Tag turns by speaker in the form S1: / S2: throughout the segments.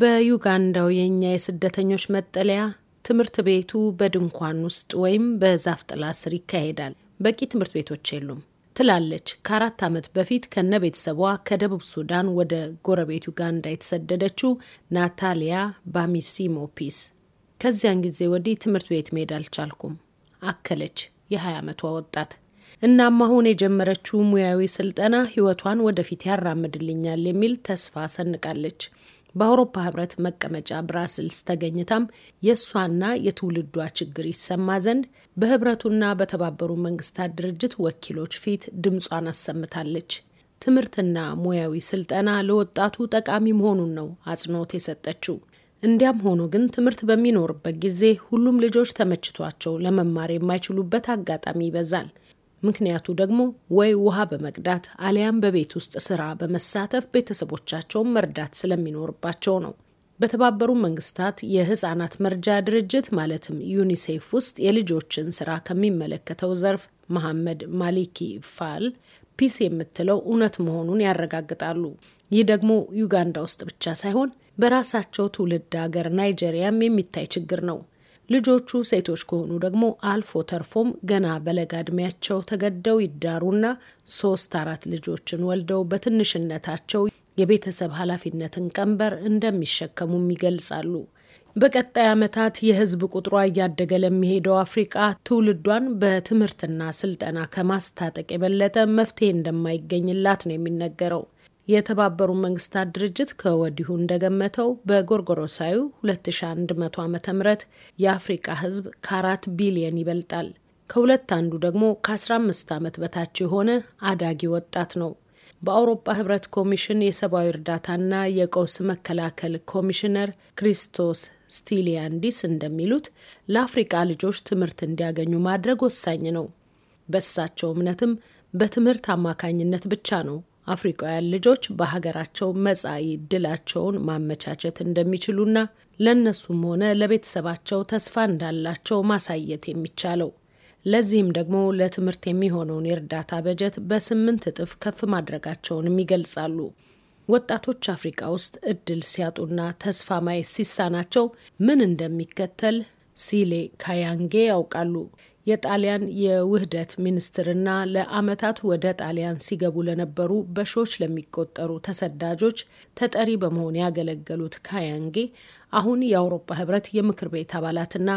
S1: በዩጋንዳው የእኛ የስደተኞች መጠለያ ትምህርት ቤቱ በድንኳን ውስጥ ወይም በዛፍ ጥላ ስር ይካሄዳል። በቂ ትምህርት ቤቶች የሉም ትላለች ከአራት ዓመት በፊት ከነ ቤተሰቧ ከደቡብ ሱዳን ወደ ጎረቤት ዩጋንዳ የተሰደደችው ናታሊያ ባሚሲሞ ፒስ። ከዚያን ጊዜ ወዲህ ትምህርት ቤት መሄድ አልቻልኩም አከለች የ20 ዓመቷ ወጣት። እናም አሁን የጀመረችው ሙያዊ ስልጠና ህይወቷን ወደፊት ያራምድልኛል የሚል ተስፋ ሰንቃለች። በአውሮፓ ህብረት መቀመጫ ብራስልስ ተገኝታም የእሷና የትውልዷ ችግር ይሰማ ዘንድ በህብረቱና በተባበሩ መንግስታት ድርጅት ወኪሎች ፊት ድምጿን አሰምታለች። ትምህርትና ሙያዊ ስልጠና ለወጣቱ ጠቃሚ መሆኑን ነው አጽንኦት የሰጠችው። እንዲያም ሆኖ ግን ትምህርት በሚኖርበት ጊዜ ሁሉም ልጆች ተመችቷቸው ለመማር የማይችሉበት አጋጣሚ ይበዛል። ምክንያቱ ደግሞ ወይ ውሃ በመቅዳት አሊያም በቤት ውስጥ ስራ በመሳተፍ ቤተሰቦቻቸውን መርዳት ስለሚኖርባቸው ነው። በተባበሩ መንግስታት የህጻናት መርጃ ድርጅት ማለትም ዩኒሴፍ ውስጥ የልጆችን ስራ ከሚመለከተው ዘርፍ መሐመድ ማሊኪ ፋል ፒስ የምትለው እውነት መሆኑን ያረጋግጣሉ። ይህ ደግሞ ዩጋንዳ ውስጥ ብቻ ሳይሆን በራሳቸው ትውልድ ሀገር ናይጄሪያም የሚታይ ችግር ነው። ልጆቹ ሴቶች ከሆኑ ደግሞ አልፎ ተርፎም ገና በለጋ እድሜያቸው ተገደው ይዳሩና ሶስት አራት ልጆችን ወልደው በትንሽነታቸው የቤተሰብ ኃላፊነትን ቀንበር እንደሚሸከሙም ይገልጻሉ። በቀጣይ ዓመታት የህዝብ ቁጥሯ እያደገ ለሚሄደው አፍሪቃ ትውልዷን በትምህርትና ስልጠና ከማስታጠቅ የበለጠ መፍትሄ እንደማይገኝላት ነው የሚነገረው። የተባበሩ መንግስታት ድርጅት ከወዲሁ እንደገመተው በጎርጎሮሳዩ 2100 ዓ ም የአፍሪቃ ህዝብ ከአራት ቢሊየን ይበልጣል። ከሁለት አንዱ ደግሞ ከ15 ዓመት በታች የሆነ አዳጊ ወጣት ነው። በአውሮፓ ህብረት ኮሚሽን የሰብአዊ እርዳታና የቀውስ መከላከል ኮሚሽነር ክሪስቶስ ስቲሊያንዲስ እንደሚሉት ለአፍሪቃ ልጆች ትምህርት እንዲያገኙ ማድረግ ወሳኝ ነው። በእሳቸው እምነትም በትምህርት አማካኝነት ብቻ ነው አፍሪካውያን ልጆች በሀገራቸው መጻኢ ድላቸውን ማመቻቸት እንደሚችሉና ለእነሱም ሆነ ለቤተሰባቸው ተስፋ እንዳላቸው ማሳየት የሚቻለው ለዚህም ደግሞ ለትምህርት የሚሆነውን የእርዳታ በጀት በስምንት እጥፍ ከፍ ማድረጋቸውንም ይገልጻሉ። ወጣቶች አፍሪካ ውስጥ እድል ሲያጡና ተስፋ ማየት ሲሳናቸው ምን እንደሚከተል ሲሌ ካያንጌ ያውቃሉ። የጣሊያን የውህደት ሚኒስትርና ለአመታት ወደ ጣሊያን ሲገቡ ለነበሩ በሺዎች ለሚቆጠሩ ተሰዳጆች ተጠሪ በመሆን ያገለገሉት ካያንጌ አሁን የአውሮፓ ህብረት የምክር ቤት አባላትና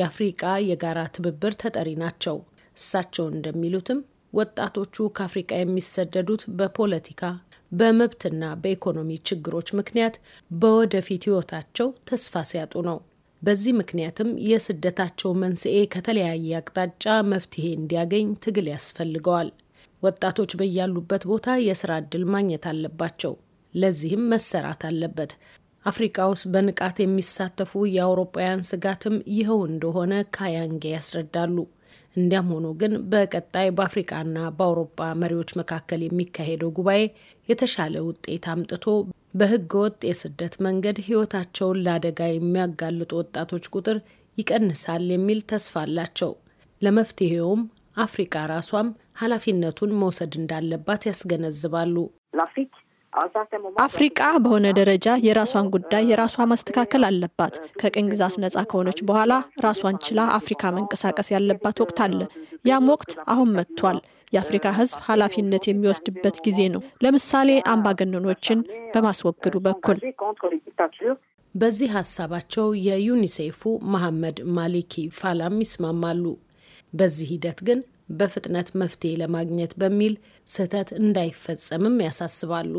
S1: የአፍሪቃ የጋራ ትብብር ተጠሪ ናቸው። እሳቸው እንደሚሉትም ወጣቶቹ ከአፍሪቃ የሚሰደዱት በፖለቲካ በመብትና በኢኮኖሚ ችግሮች ምክንያት በወደፊት ህይወታቸው ተስፋ ሲያጡ ነው። በዚህ ምክንያትም የስደታቸው መንስኤ ከተለያየ አቅጣጫ መፍትሄ እንዲያገኝ ትግል ያስፈልገዋል። ወጣቶች በያሉበት ቦታ የስራ እድል ማግኘት አለባቸው። ለዚህም መሰራት አለበት። አፍሪካ ውስጥ በንቃት የሚሳተፉ የአውሮፓውያን ስጋትም ይኸው እንደሆነ ካያንጌ ያስረዳሉ። እንዲያም ሆኖ ግን በቀጣይ በአፍሪቃና በአውሮፓ መሪዎች መካከል የሚካሄደው ጉባኤ የተሻለ ውጤት አምጥቶ በህገ ወጥ የስደት መንገድ ህይወታቸውን ለአደጋ የሚያጋልጡ ወጣቶች ቁጥር ይቀንሳል የሚል ተስፋ አላቸው። ለመፍትሄውም አፍሪካ ራሷም ኃላፊነቱን መውሰድ እንዳለባት ያስገነዝባሉ።
S2: አፍሪቃ በሆነ ደረጃ የራሷን ጉዳይ የራሷ ማስተካከል አለባት። ከቅኝ ግዛት ነጻ ከሆነች በኋላ ራሷን ችላ አፍሪካ መንቀሳቀስ ያለባት ወቅት አለ። ያም ወቅት አሁን መጥቷል። የአፍሪካ ህዝብ ኃላፊነት የሚወስድበት ጊዜ ነው። ለምሳሌ አምባገነኖችን በማስወገዱ በኩል
S1: በዚህ ሀሳባቸው የዩኒሴፉ መሐመድ ማሊኪ ፋላም ይስማማሉ። በዚህ ሂደት ግን በፍጥነት መፍትሄ ለማግኘት በሚል ስህተት እንዳይፈጸምም ያሳስባሉ።